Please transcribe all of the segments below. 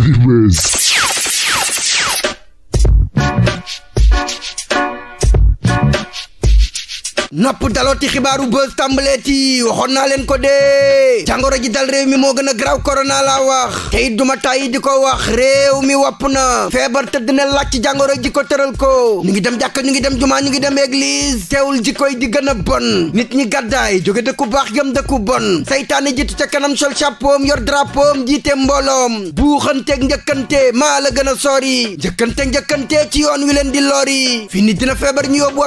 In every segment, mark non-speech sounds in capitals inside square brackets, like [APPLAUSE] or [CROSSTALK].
Heavyweights. nopp dalooti xibaaru buzz tàmbaleeti waxoon naa leen ko dee jàngoro ji dal réew mi moo gën a graw korona laa wax te it duma tàyyi di ko wax réew mi wopp na feebar tëdd na laaj ci jàngoro ji ko tëral ko ñu ngi dem jàkka ñu ngi dem jumaa ñu ngi dem église teewul ji koy di gën a bon nit ñi gàddaay jóge dëkku baax jëm dëkku bon saytaane jiitu ca kanam sol sapo chapeau yor drapeau am jiite mbooloom buuxanteeg njëkkante maa la gën a sori njëkkante njëkkante ci yoon wi leen di lori fi nit dina feebar ñu yóbbu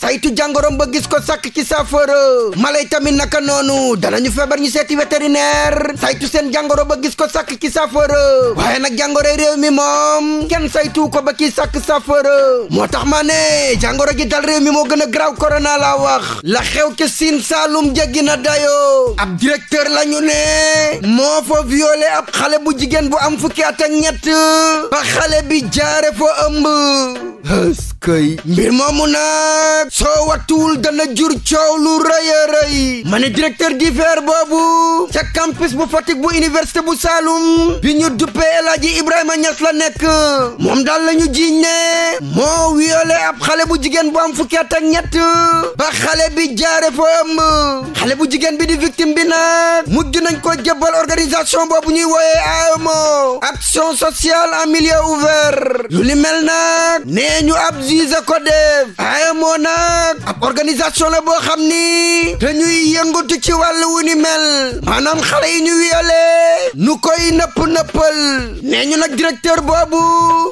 saytu jàngoro jàngoroom ba gis ko sàkk ci saafara mala yi tamit naka noonu danañu feebar ñu seeti vétérinaire saytu seen jàngoro ba gis ko sàkk ci saafara waaye nag jàngoro mi moom kenn saytu ko ba kii sàkk saafara moo tax maa ne jàngoro ji dal réew mi moo gën a graw corona laa wax la xew ca Sine Saalum jéggi na dayoo ab directeur la ñu ne moo fa violé ab xale bu jigéen bu am fukki at ak ñett ba xale bi jaare fa ëmb këy mbir moomu nag soo wattuwul dana jur coow lu rëy a rëy ma ne directeur d'IFER boobu ca campus bu Fatick bu université bu Saloum bi ñu duppee El Hadji Ibrahima Niass la nekk moom daal lañu ñu jiiñ ne moo wiyoole ab xale bu jigéen bu am fukki at ak ñett ba xale bi jaare fa am xale bu jigéen bi di victime bi nag mujj nañ ko jëbbal organisation boobu ñuy wooyee AEMO action sociale en milieu ouvert lu li mel nag nee ñu ab utiliser ko de ay moo naa nag ab organisation la boo xam ni dañuy yëngatu ci wàllu wu ni mel maanaam xale yi ñu wiyale nu koy nëpp nëppal nee ñu nag directeur boobu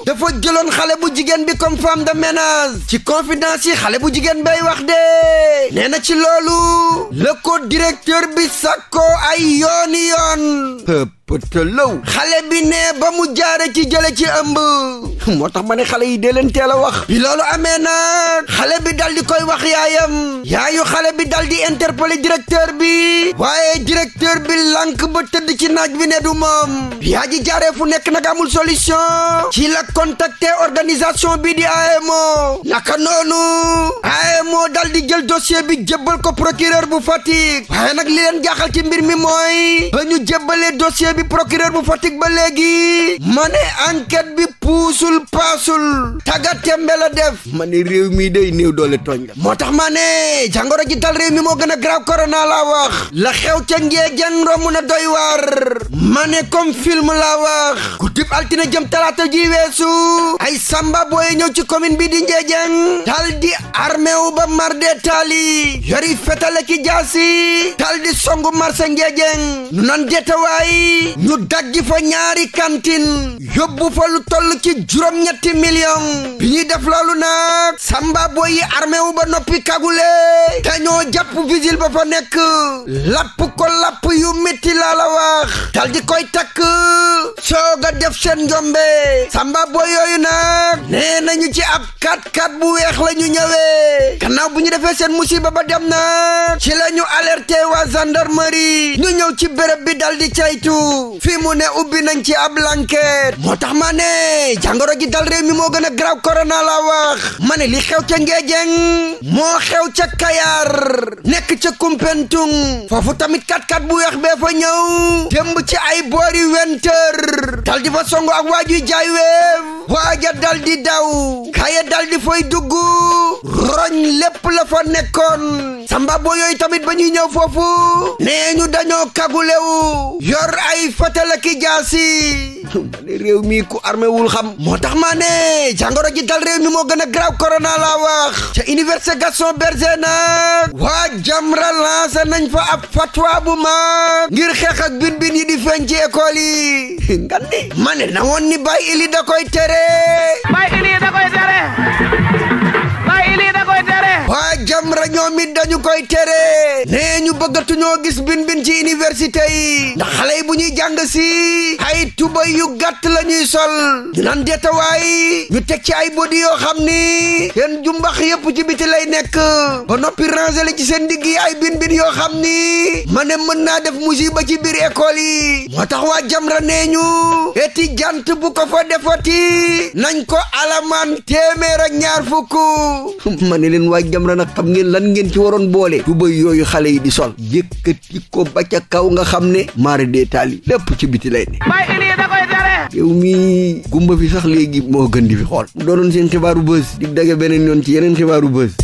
dafa jëloon xale bu jigéen bi comme femme de ménage ci confidence yi xale bu jigéen bay wax de nee na ci loolu la ko directeur bi sàkkoo ay yooni yoon pëtalaw xale bi ne ba mu jaare ci jële ci ëmb [LAUGHS] moo tax ma ne xale yi dee leen teel a wax bi loolu amee nag xale bi dal koy wax wax yaayam yaayu xale bi dal di interpeller directeur bi waaye directeur bi lànk ba tëdd ci naaj bi ne du moom yaa ji jaaree fu nekk nag amul solution ci la contacter organisation bi di AEMO naka noonu AEMO dal di jël dossier bi jébbal ko procureur bu Fatick waaye nag li leen jaaxal ci mbir mi mooy ba ñu jébbalee bi procureur bu Fatick ba léegi ma ne enquête bi puusul paasul tàggat tembe la def ma ne réew mi day doole tooñ moo tax maa ne ji tal réew mi moo gën a graaw korona laa la xew ca ngee jàngoro mun a doy ma ne comme film laa wax altine jëm talaata weesu ay samba booye ñëw ci commune bi di njeejeng tal di armé wu ba marde taali yori fetale jaasi tal songu marché ngeejeng nu nan detawaay ñu daggi fa ñaari kantin yóbbu fa lu toll toll ci juróom-ñetti million bi ñuy def lalu nag samba boy yi armé ba noppi kagule te ñoo jàpp vigile ba fa nekk lapp ko lapp yu métti laa la koy takk sooga def seen njombe samba boy yooyu nag nee nañu ci ab kat kat bu weex la ñu ñëwee gannaaw bu ñu defee seen musiba ba dem nag ci la ñu wa waa gendarmerie ñu ñëw ci béréb bi dal di caytu fi mu ne ubbi nañ ci ab lanket moo tax ma ne ne jàngoro ji dal réew mi moo a graw korona la wax ma ne li xew ca ngeejeng moo xew ca kayaar nekk ca kumpentung foofu tamit kat-kat bu weex bee fa ñëw démb ci ay boori wenteur dal fa songo ak waajuy jaay weew waa dal di daw kaye dal di fay dugg roñ lépp la fa nekkoon samba boo yooyu tamit ba ñuy ñëw foofu nee ñu dañoo kagulewu yor ay fatala ki jaasi ma [LAUGHS] ne ku armé xam moo tax maa ne jàngoro ji dal réew mi moo gën a grave corona laa wax ca université Gaston Berger waa Jamra lancé nañ fa ab fatwa bu mag ngir xeex ak bin bin yi di feeñ [LAUGHS] ma ne na woon ni bàyyi ili da koy tere tere. Baye Ili da koy tere. Baye Ili da koy tere. waa Jamra ñoom it dañu koy tere nee ñu bëggatuñoo gis bin bin ci université yi ndax xale yi bu ñuy jàng si ay tuba yu gàtt la ñuy sol ñu naan deetawaay ñu teg ci ay bodi yoo xam ni seen jumbax yëpp ci biti lay nekk ba noppi rangé ci seen digg yi ay bin bin yoo xam ni ma ne mën naa def musiba ci biir école yi moo tax waa Jamra nee ñu eti jant bu ko fa defati nañ ko alamaan téeméer ak ñaar fukk [LAUGHS] ngeen ci waroon boole tubéy yooyu xale yi di sol yëkkati ko ba ca kaw nga xam ne maari détaali lépp ci biti lay ne yow mi gumba fi sax léegi moo gën di fi xool mu doonoon seen xibaaru bës dig dage beneen yoon ci yeneen xibaaru bës